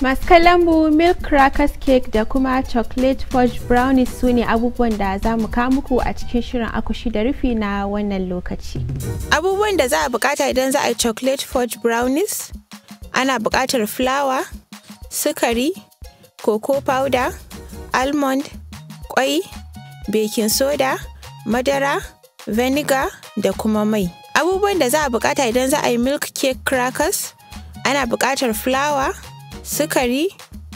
masu mu milk crackers cake da kuma chocolate fudge brownies su ne abubuwan da za mu kawo muku a cikin shirin akushi da rufi na wannan lokaci abubuwan da za a bukata idan za a yi chocolate fudge brownies ana bukatar fulawa sukari cocoa powder almond kwai baking soda madara vinegar da kuma mai Abubuwan da za a bukata idan za a yi milk cake crackers, ana bukatar fulawa, sukari,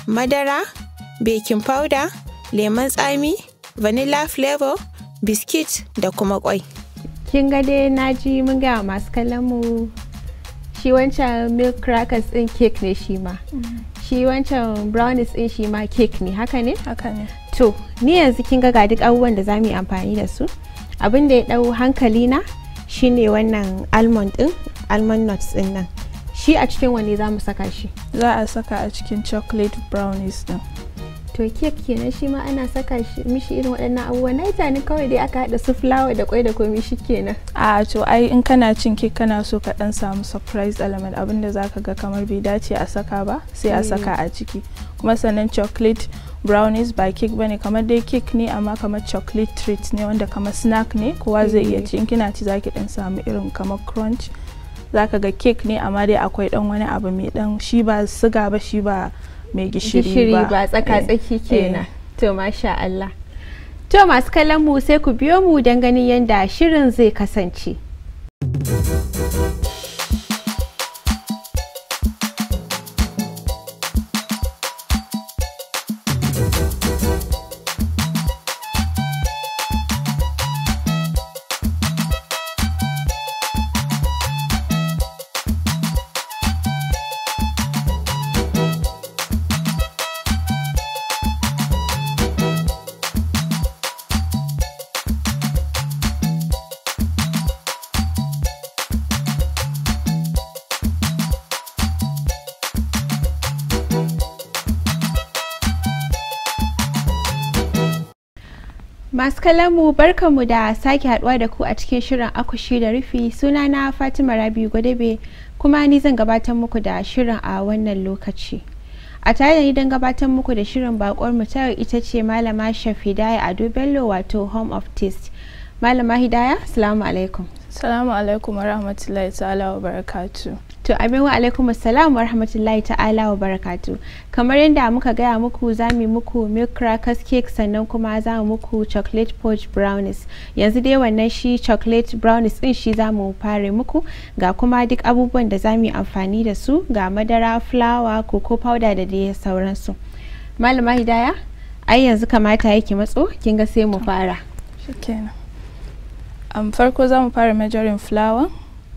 madara, baking powder, lemon tsami, vanilla flavor, biscuit, da kuma kwai. Kin ga dai na ji mun gaya masu kallon mu shi wancan milk crackers din cake ne shi ma. Shi wancan brownies din shi ma cake ne haka ne? Haka ne. To, ni yanzu kin ga ga duk abubuwan da za mu yi amfani da su. Abin da ya ɗau hankali na shine wannan almond din almond nuts din nan shi a cikin wanne za mu saka shi za a saka a cikin chocolate brownies din to kek kenan shi ma ana saka mishi irin waɗannan abubuwa na tani kawai dai aka haɗa su fulawa da kwai da komi shi kenan a to ai in kana cin kek kana so ka ɗan samu surprise element abinda zaka ga kamar bai dace a saka ba sai a eh. saka a ciki kuma sannan chocolate brownies ba cake bane kamar dai cake ne amma kamar chocolate treat ne wanda kamar snack ne kowa zai iya ci in kina ci zaki dan samu irin kamar crunch zaka ga cake ne amma dai akwai dan wani abu mai dan shi ba suga ba shi ba mai gishiri ba ba tsaka eh. tsaki kenan eh. to masha Allah to masu kallon mu sai ku biyo mu don ganin yadda shirin zai kasance mu barkanmu da sake haduwa da ku a cikin shirin akushi da rufi suna na Fatima Rabi Gwadabe kuma ni zan gabatar muku da shirin a wannan lokaci. A tare da ni don gabatar muku da shirin bakwar mu ta ita ce Malama Shafidaya Ado Bello wato Home of Taste. Malama Hidaya, Assalamu alaikum. Assalamu alaikum wa rahmatullahi ta'ala wa barakatuh. To abin wa alaikum assalam wa rahmatullahi ta'ala wa barakatu. Kamar yadda muka gaya muku za mu muku milk crackers cake sannan kuma za mu muku chocolate poached brownies. Yanzu dai wannan shi chocolate brownies din shi za mu fare muku ga kuma duk abubuwan da za mu yi amfani da su ga madara, flour, cocoa powder da dai sauransu. Malama Hidaya, ai yanzu kamata yake matso kin ga sai mu fara. Shikenan. Am farko za mu fara majorin flour.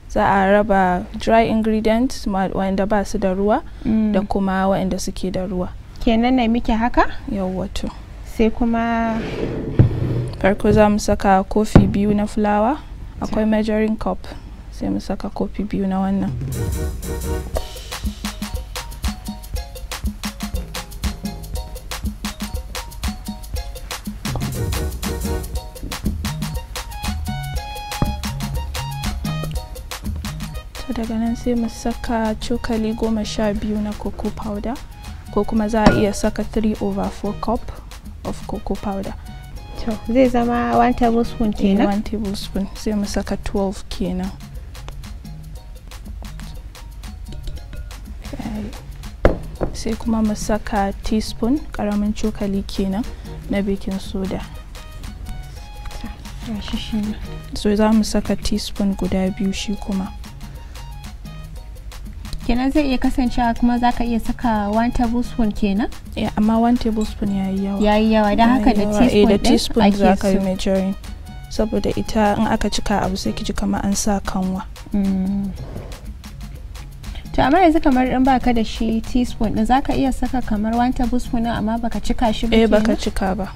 za a raba dry ingredients wa'anda ba su da ruwa mm. da kuma wa'anda suke da ruwa kenan na muke haka yawwato sai kuma farko za mu saka kofi biyu na fulawa akwai measuring cup sai mu saka kofi biyu na wannan daga nan sai mu saka cokali goma sha biyu na cocoa powder ko kuma za a iya saka 3 over 4 cup of cocoa powder zai zama 1 tablespoon eh, kenan 1 tablespoon sai mu saka 12 kenan sai kuma mu saka teaspoon karamin cokali kenan na baking soda so za mu saka teaspoon guda biyu shi kuma kenan zai iya kasancewa kuma za ka iya saka one tablespoon kenan ya eh, amma one tablespoon ya yi yawa ya yi yawa don haka da teaspoon eh, ɗin za ka yi majorin saboda ita in aka cika abu sai ki ji kamar an sa kanwa mm. to amma yanzu kamar in baka da shi teaspoon din ka iya saka kamar one tablespoon amma baka cika shi ba eh baka cika ba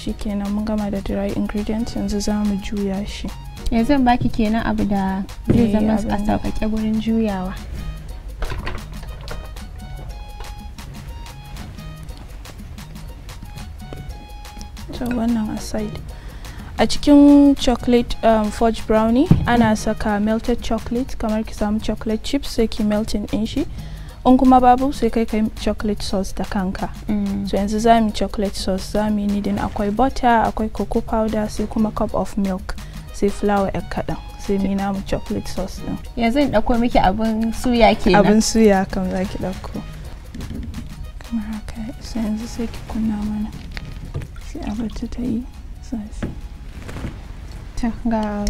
shikenan mun gama da dry ingredient yanzu za mu juya shi yanzu baki kenan abu da zai eh, zama a sauƙaƙe gurin juyawa to wannan aside a cikin chocolate um, fudge brownie ana saka melted chocolate kamar ki samu chocolate chips sai ki melting in shi in kuma babu sai kai kai chocolate sauce da kanka mm. so yanzu za mu chocolate sauce za mu yi akwai butter akwai cocoa powder sai kuma cup of milk sai flour egg kaɗan sai mu namu chocolate sauce din yanzu in ɗauko miki abin suya kenan abin suya kan za ki ɗauko kamar haka sai yanzu sai ki kunna mana sai a ta yi zafi ta ga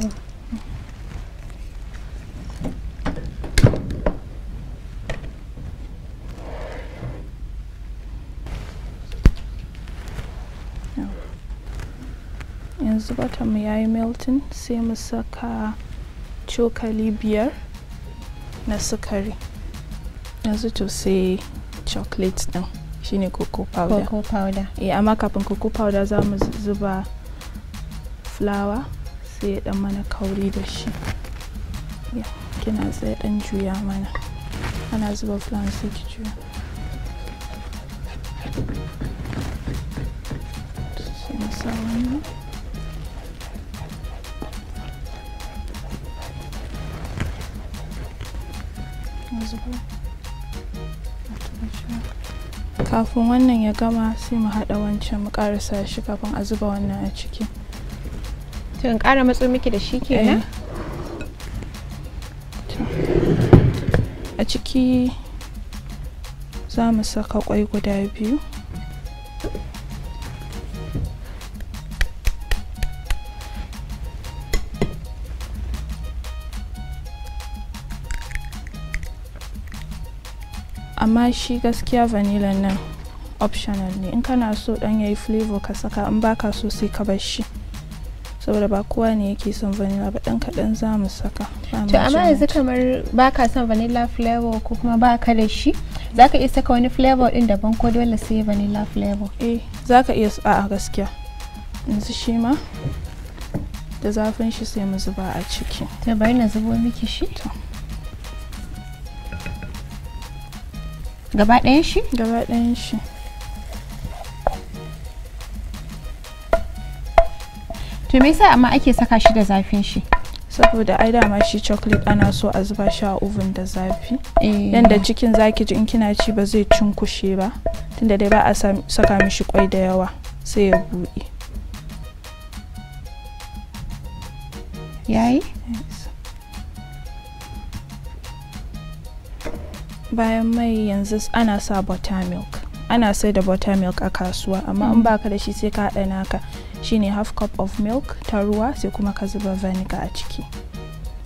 yanzu bata mu yayi melting sai mu saka cokali biyar na sukari yanzu to sai chocolate din shine cocoa powder cocoa powder eh amma kafin cocoa powder za mu zuba flour sai dan mana kauri da shi kina sai dan juya mana ana zuba flour sai ki juya kafin wannan ya gama sai mu haɗa wancan mu ƙarasa shi kafin a zuba wannan a ciki tun ƙara matso miki da shi kenan eh. a ciki za mu saka kwai guda biyu amma shi gaskiya vanilla nan optional ne in kana so dan yayi flavor ka saka in baka so sai ka bar shi saboda ba kowa ne yake son vanilla ba dan kadan za mu saka to amma yanzu kamar baka son vanilla flavor ko kuma baka da shi zaka iya saka wani flavor din daban ko dole sai vanilla flavor eh zaka iya a gaskiya yanzu shi ma da zafin shi sai mu zuba a ciki to bari na zubo miki shi to gaba ɗayan shi gaba ɗayan shi to me yasa amma ake saka shi da zafin shi saboda ai dama shi chocolate ana so a zuba shi a oven da zafi eh. yanda cikin zaki ji in kina ci ba zai cunkushe ba tunda dai ba a saka mishi kwai da yawa sai ya buɗe yayi bayan mai yanzu ana sa buttermilk ana sai da buttermilk a kasuwa amma in mm. baka da shi sai ka haɗa naka shine half cup of milk ta ruwa sai kuma ka zuba vinegar a ciki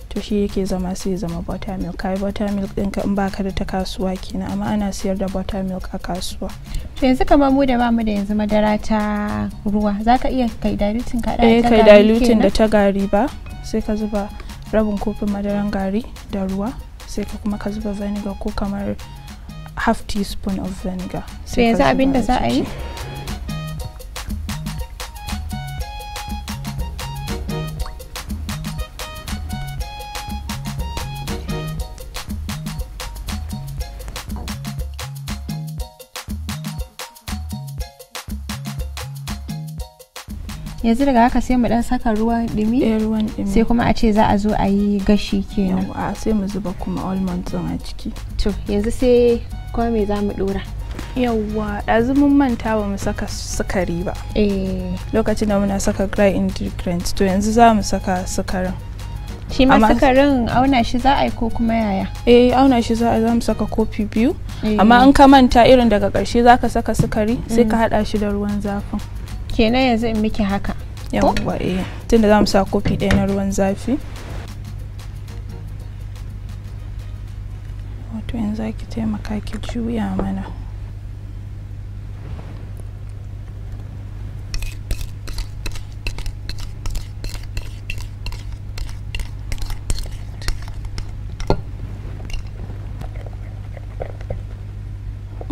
to shi yake zama sai ya zama buttermilk kai buttermilk ka in baka da ta kasuwa kenan amma ana siyar da buttermilk a kasuwa to yanzu kamar mu da bamu da yanzu madara ta ruwa zaka iya kai diluting ka da eh kai diluting da ta gari ba sai ka zuba rabin kofin madaran gari da ruwa sai ka kuma ka zuba vinegar ko kamar half teaspoon of vinegar sai yanzu abin za a yi yanzu daga haka sai mu dan saka eh, ruwan dumi sai kuma a ce za a zo a yi gashi kenan a sai mu zuba kuma almonds a ciki to yanzu sai kuma me za mu dora yawwa ɗazu mun manta ba mu saka sukari ba eh lokacin da muna saka dry ingredients to yanzu za mu saka sukarin shi ma sukarin auna shi za a yi ko kuma yaya eh auna shi za a za mu saka kofi biyu eh. amma in ka manta irin daga ƙarshe za ka saka sukari sai ka mm. haɗa shi da ruwan zafin kenan yanzu in miki haka yawa eh tunda za mu sa kofi ɗaya na ruwan zafi wato yanzu za ki taimaka ki juya mana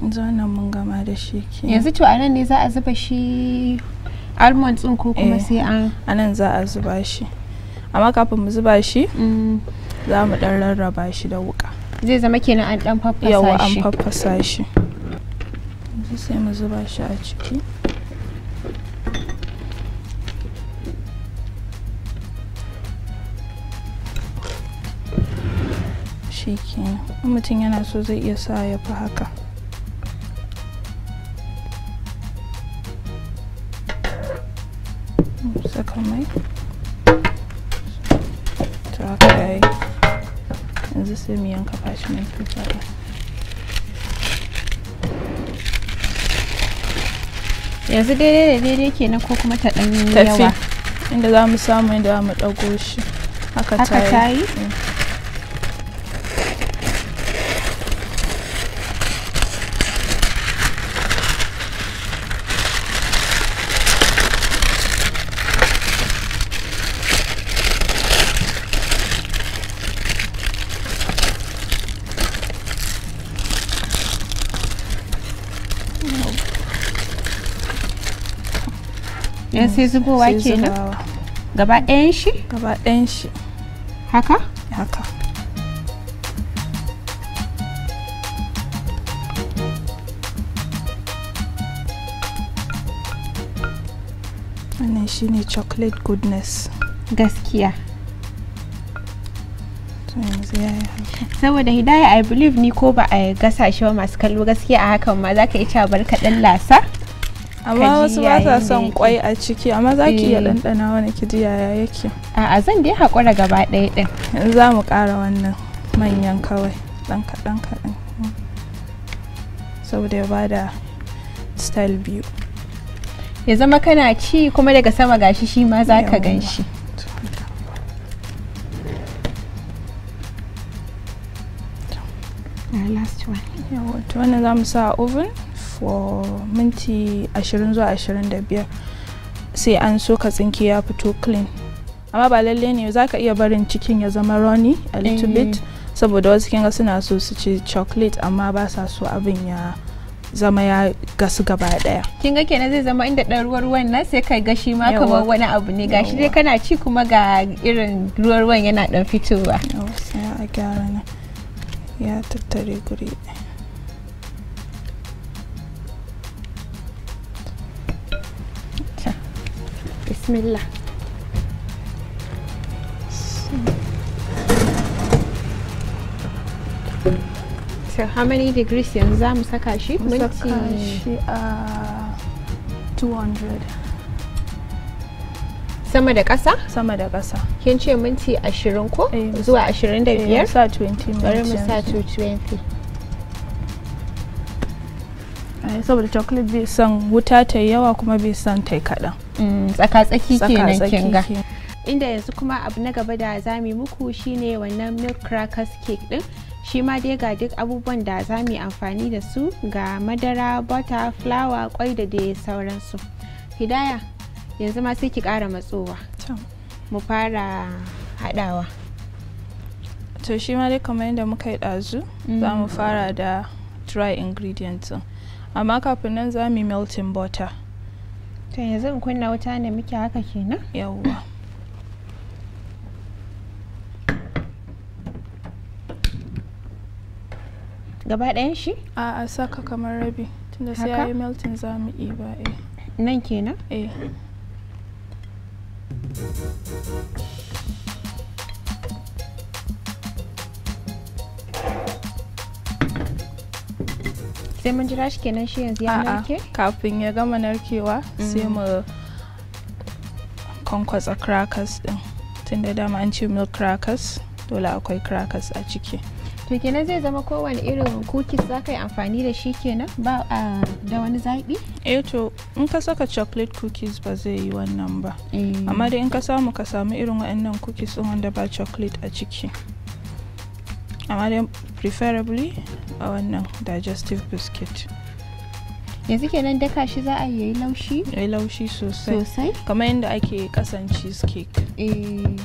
yanzu wannan mun gama da shi to a ne za a zuba shi almond din ko kuma eh, sai an anan za a zuba shi amma kafin mu zuba shi mm. za mu dan rarraba shi da wuka zai zama kenan an dan faffasa shi yawa an faffasa shi sai mu zuba shi a ciki shi ke mutum yana so zai iya sa ya fi haka sai mu yanka fashi mai tufafi yanzu daidai da daidai na ko kuma ta ɗan yawa inda za mu samu inda za mu ɗago shi haka ta yi mm. yan sai zubowa kenan gaba ɗayan shi gaba ɗayan shi haka haka wannan shine chocolate goodness gaskiya saboda hidaya i believe ni ko ba a gasa shi masu kallo gaskiya a hakan ma za ka yi cewa bar kaɗan lasa amma wasu ba sa son kwai a ciki amma za ki iya eh. ɗanɗana wani ki ji yaya yake a'a zan dai haƙura gaba ɗaya ɗin za mu ƙara wannan manyan kawai ɗan kaɗan kaɗan saboda ya bada style biyu ya zama kana ci kuma daga sama gashi shi ma za ka gan shi wannan za mu sa a oven for minti ashirin zuwa da biyar sai an so ka tsinke ya fito clean amma ba lalle ne za ka iya barin cikin ya zama rauni a little eh. bit saboda wasu kinga suna so su ci chocolate amma ba sa so abin ya zama ya gasu gaba daya kinga kenan zai zama inda dan ruwan ruwan na sai kai gashi ma kamar wani abu ne gashi dai kana ci kuma ga irin ruwan ruwan yana dan fitowa ya tattare guri ɗaya الله so how many degrees yanzu za mu saka shi minti shi a 200 sama da ƙasa? sama da ƙasa kin ce minti 20 ko eh, zuwa 25 sa 20 eh, bari mu sa 220 eh, saboda chocolate bai son wuta ta yawa kuma bai son ta kaɗan Mm, tsaka-tsaki kenan kin inda yanzu kuma abu na gaba da za mu muku shine wannan milk crackers cake din shi ma dai ga duk abubuwan da za mu amfani da su ga madara butter flour kwai da dai sauransu hidaya yanzu ma sai ki kara matsowa mu fara hadawa to shi ma dai kamar yadda muka yi ɗazu mm. za mu fara da dry ingredients amma kafin nan za mu melting butter to yanzu in kunna wuta ne muke haka kenan yawwa gaba ɗayan shi a a saka kamar rabi tunda sai yayi melting za mu ba eh nan kenan eh sai mun jira shi kenan shi yanzu ya narke kafin ya gama narkewa sai mm. mu kwankwasa crackers din tunda dama an ce milk crackers dole akwai crackers a ciki to kenan zai zama kowane irin cookies za ka yi amfani da shi kenan ba da wani zaɓi? eh to in ka saka chocolate cookies ba zai yi wannan ba eh. amma da in ka samu ka samu irin waɗannan cookies wanda ba chocolate a ciki amma dai preferably a wannan digestive biscuit yanzu kenan daka shi za a yi laushi? yi laushi sosai kamar yadda ake kasan cheesecake eh.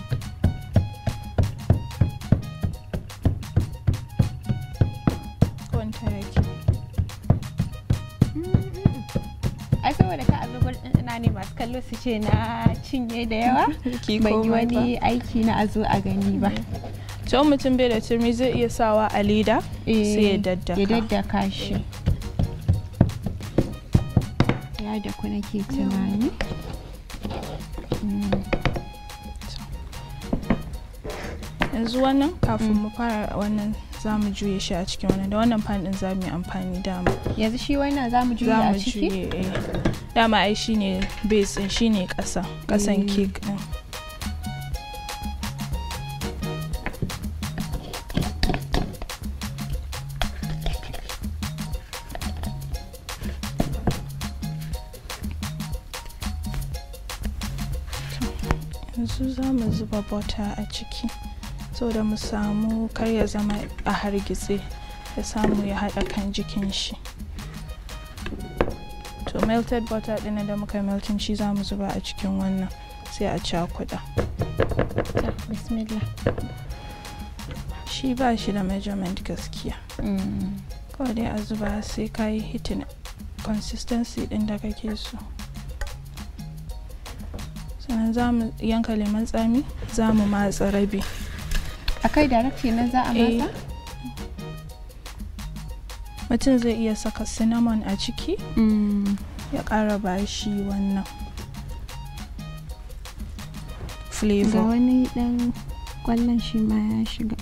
ka masu kallo su ce na cinye da yawa ban yi wani aiki na azo a gani ba mm. can mutum bai da turmi zai iya sawa a leda sai ya eh, daddaka ya daddaka shi ya da ku nake tunani hmm. yanzu wannan kafin mu fara wannan za mu juye shi a cikin wannan da wannan fan za mu yi amfani dama yanzu shi wannan za mu juye a ciki eh. dama ai shine base din shine kasa kasan eh. cake din zuba butter a ciki so da mu samu kar ya zama a hargitse ya samu ya haɗa kan jikin shi to melted butter ɗin da muka melting shi za mu zuba a cikin wannan sai a cakuɗa bismillah shi ba shi da measurement gaskiya mm. kawai dai a zuba sai ka yi hitin consistency ɗin da kake so za mu yanka lemon tsami za mu matsa rabi a kai direct nan za a matsa eh. mutum zai iya saka cinnamon a ciki mm. ya ba bashi wannan flavor ga wani dan kwallon shi ma ya shiga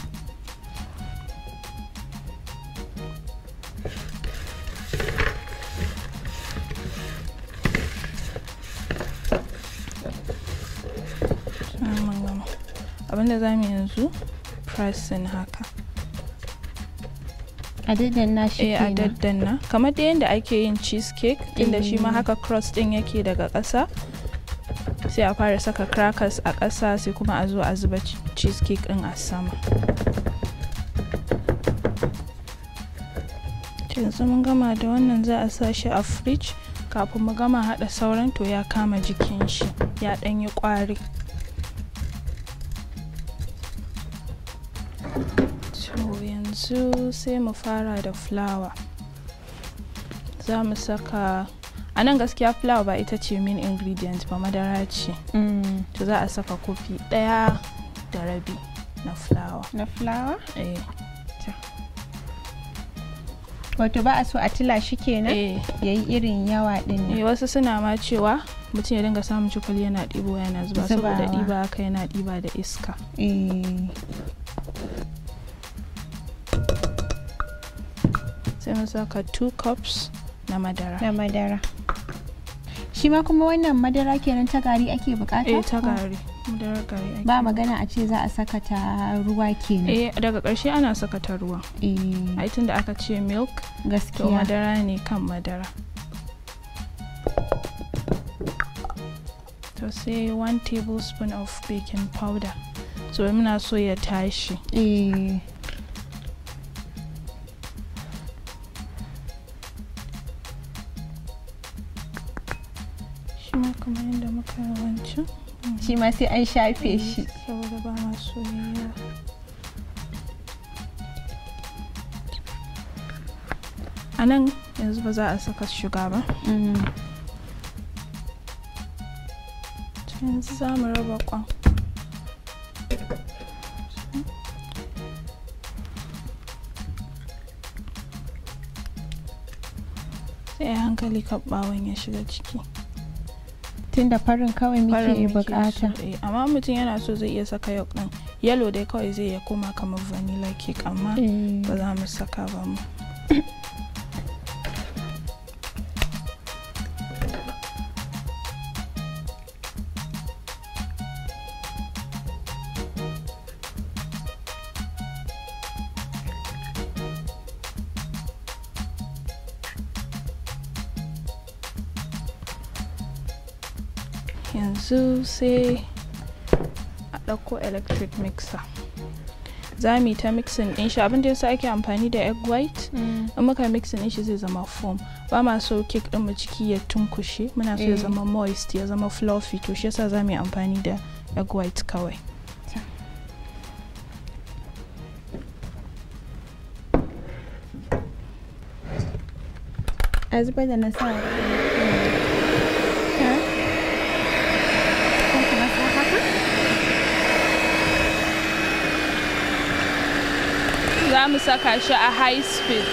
wanda za mu yanzu pressin haka a daddanna shi eh, a daddanna kamar da yadda ake yin cheesecake inda shi ma mm-hmm. haka cross din yake daga ƙasa sai a fara saka crackers a ƙasa sai kuma a zo a zuba cheesecake din a sama yanzu mun gama da wannan za a sa shi a fridge kafin mu gama haɗa sauran to ya kama jikin shi ya ɗanyi kwari. yanzu sai mu fara da flower za mu saka a nan gaskiya flower ba ita ce min ingredient ba madara ce mm. to za a saka kofi ɗaya da rabi na flower. na flower? Eh. wato ba a so a tila shi kenan eh. ya yi irin yawa din ne eh, wasu suna ma cewa mutum ya dinga samun cokali yana ɗibo yana zuba saboda ɗiba aka yana ɗiba da iska sai mu saka 2 cups na madara na madara shi ma kuma wannan madara kenan ta gari ake bukata eh ta gari madara gari ake ba magana a ce za a saka ta ruwa kenan eh daga karshe ana saka ta ruwa eh ai tunda aka ce milk gaskiya to madara ne kan madara to say 1 tablespoon of baking powder so muna so ya tashi eh wancan shi ma sai an shafe mm, shi saboda ba ma soyayya a nan yanzu ba za a saka shuga ba mm. yanzu za mu raba kwan sai hankali kaɓawan ya shiga ciki tun da farin kawai muke bukata eh, amma mutum yana so zai iya saka yau din yellow dai kawai zai ya koma kamar vanilla cake amma eh. ba za mu saka ba mu sai a ɗauko electric mixer za mu yi ta mixing din shi abinda yasa ake amfani da egg white mm. in muka mixing din shi zai zama foam ba ma so cake din mu ciki ya tunkushe muna so ya eh. zama moist ya zama fluffy to shi yasa za mu yi amfani da egg white kawai a zubar da nasara za mu saka shi a high speed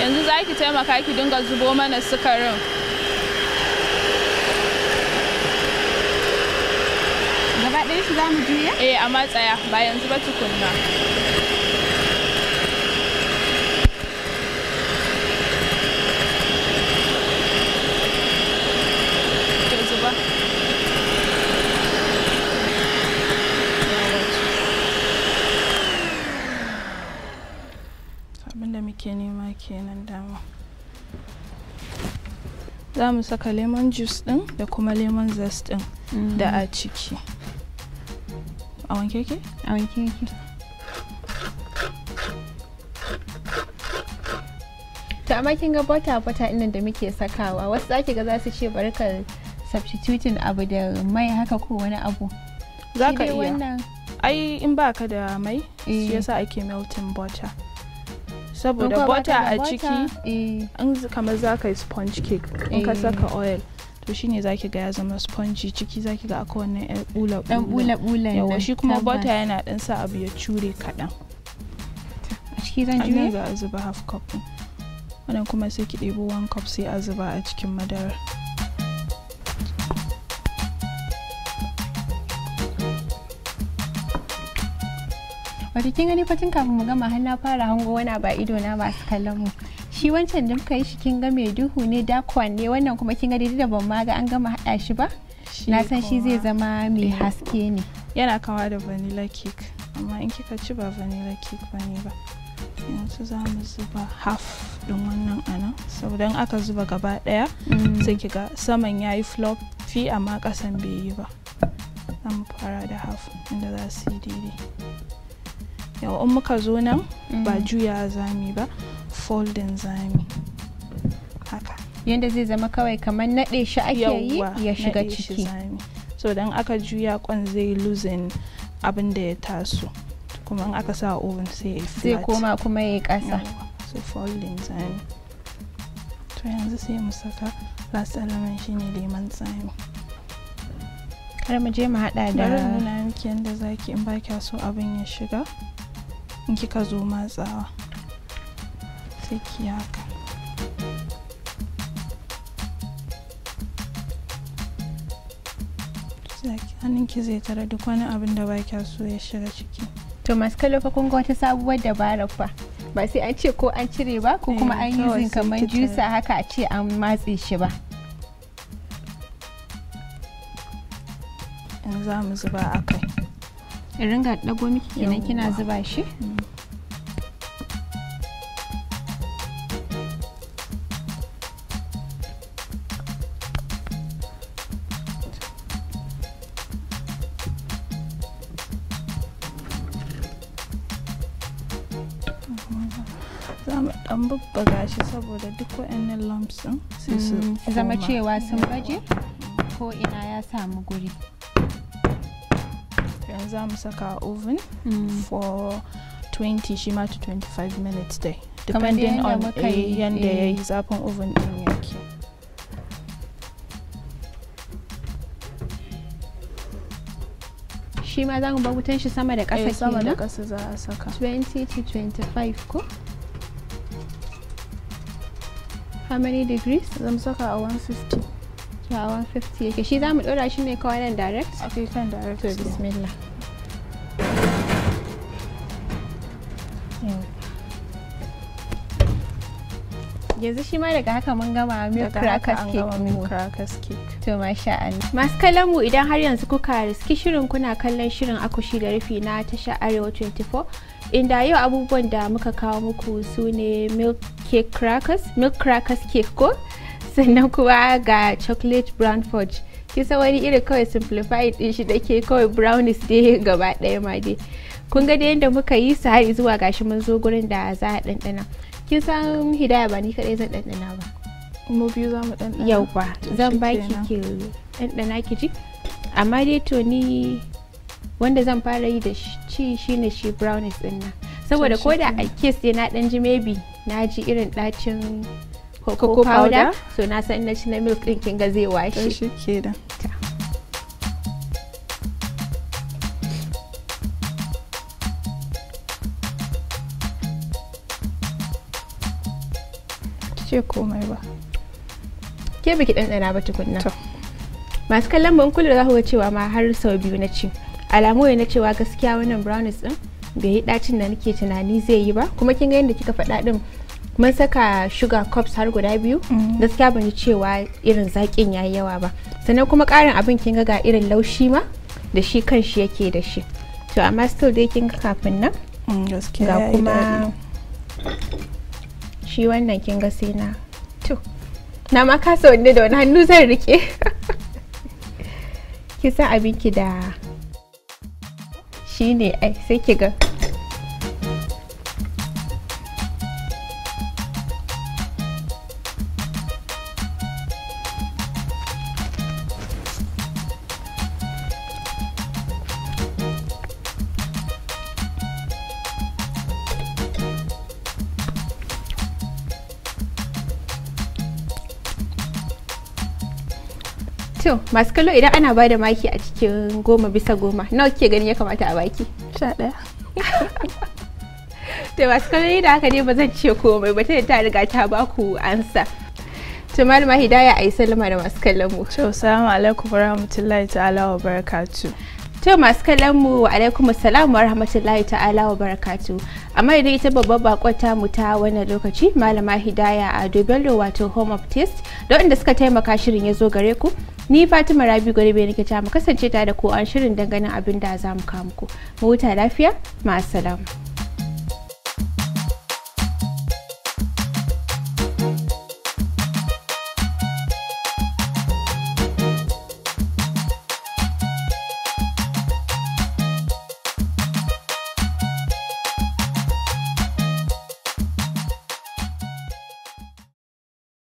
yanzu za ki taimaka ki dinga zubo mana sukarin gaba ɗaya shi za mu juya? eh amma tsaya ba yanzu ba tukunna kenan dama za mu saka lemon juice din da kuma lemon zest din mm. da a ciki a wanke ke? a wanke ke ta amma ga bota bota inda da muke sakawa wasu zaki ga za su ce barkar ka substituting abu da mai haka ko wani abu za ka iya ai in baka da mai shi eh. yasa ake melting butter saboda butter a ciki eh. in kamar za ka yi sponge cake in ka eh. saka oil to shine zaki ga ya zama spongy ciki zaki ga aka wannan yan bula bula bula yawa shi kuma butter yana dan sa abu ya cure kadan a ciki zan juye za a zuba half cup wannan kuma sai ki ɗebo one cup sai a zuba a cikin madarar jikin kin gani fatin kafin mu gama har na fara hango wani ba ido na su kallon mu shi wancan da muka yi shi kin ga mai duhu ne dakwan ne wannan kuma kin ga da ban ma ga an gama hada shi ba na san shi zai zama mai haske ne yana kawa da vanilla cake amma in kika ci ba vanilla cake ba ne ba yanzu za mu zuba half din wannan anan sau aka zuba gaba daya mm. sai kiga saman ya yi fi amma kasan bai yi ba za fara da half inda za su yi daidai yawa in muka zo nan mm. ba juya zami ba folding zami haka yadda zai zama kawai kamar naɗe shi ake yi ya shiga ciki so dan aka juya kwan zai losing abin da ya taso kuma in aka sa oven sai ya zai koma kuma ya yi ƙasa so folding zami to yanzu sai mu saka last element shine lemon tsami kar mu je mu hada da bari nuna miki yadda zaki in ba so abin ya shiga in kika zo matsawa sai ki haka hannunki zai tara duk wani abin da ba kya so ya shiga ciki to masu kallo fa kun ga wata sabuwar dabara fa ba sai an ce ko an cire ba ko kuma eh, an yi zin kamar jusa haka a ce an matse shi ba in za mu zuba a kai in ringa dago miki kenan kina zuba shi an bubbaga shi saboda duk waɗannan lumps sai su mm, zama cewa sun baje ko ina ya samu guri idan za mu saka oven mm. for 20 shima to 25 minutes dai depending on eh, yanda eh. ya yi zafin oven din yake shima za mu bar shi sama da ƙasa eh, sama da ƙasa za a saka 20 to 25 ko how many degrees za mu saka a 150 to a 150 yake shi za mu ɗora shi ne kawai nan direct? ok kan direct to bismillah yanzu shi ma daga haka mun gama milk crackers cake milk to masha Allah masu kallon mu idan har yanzu kuka riski shirin kuna kallon shirin akushi da rufi na tasha arewa 24 inda yau abubuwan da muka kawo muku su ne milk cake crackers milk crackers cake ko sannan kuma ga chocolate brown fudge kisa wani irin kawai simplified din shi da ke kawai brownies dai gaba daya ma dai kun ga da yadda muka yi su har zuwa gashi mun zo gurin da za a ɗanɗana kin san hidaya ba ni kaɗai zan ɗanɗana ba mu biyu za mu ɗanɗana ba zan baki ki ɗanɗana ki ji amma dai to ni wanda zan fara yi da ci shine shi brownies ɗin nan saboda ko da a kes dai na ɗan ji maybe na ji irin ɗacin cocoa powder so na san na ci na milk ɗin kin ga zai washe ce komai ba ke biki ɗanɗana ba tukunna masu kallon ban kullu za ku ga cewa ma har sau biyu na ci alamu ne na cewa gaskiya wannan brownies din bai yi ɗacin da nake tunani zai yi ba kuma kin ga yadda kika faɗa ɗin mun saka sugar cups har guda biyu mm. gaskiya ban ji cewa irin zaƙin yi yawa ba sannan kuma ƙarin abin kin ga ga irin laushi ma da shi kan shi yake da shi to amma still dai kin ga kafin nan mm, ga kuma shi wannan kin ga sai na to na ma kasa wanda da wani hannu zan rike kisa abinki da shi ne ai sai ki ga to masu kallo idan ana ba da maki a cikin goma bisa goma nawa kike gani ya kamata a baki sha ɗaya to masu kallo da haka ne ba zan ce komai ba ta ta riga ta ba ku ansa to malama hidaya a yi salama da masu kallon mu to salamu alaikum wa rahmatullahi ta'ala wa barakatu to masu kallon mu wa alaikum salamu wa rahmatullahi ta'ala wa barakatu amma idan ita babbar bakwata mu ta wannan lokaci malama hidaya a dobello wato home of taste da waɗanda suka taimaka shirin ya zo gare ku ni fatima rabi gwaribe nake ta mu kasance ta da ko an shirin dangane abin da za mu kawo muku mu huta lafiya ma'asalam.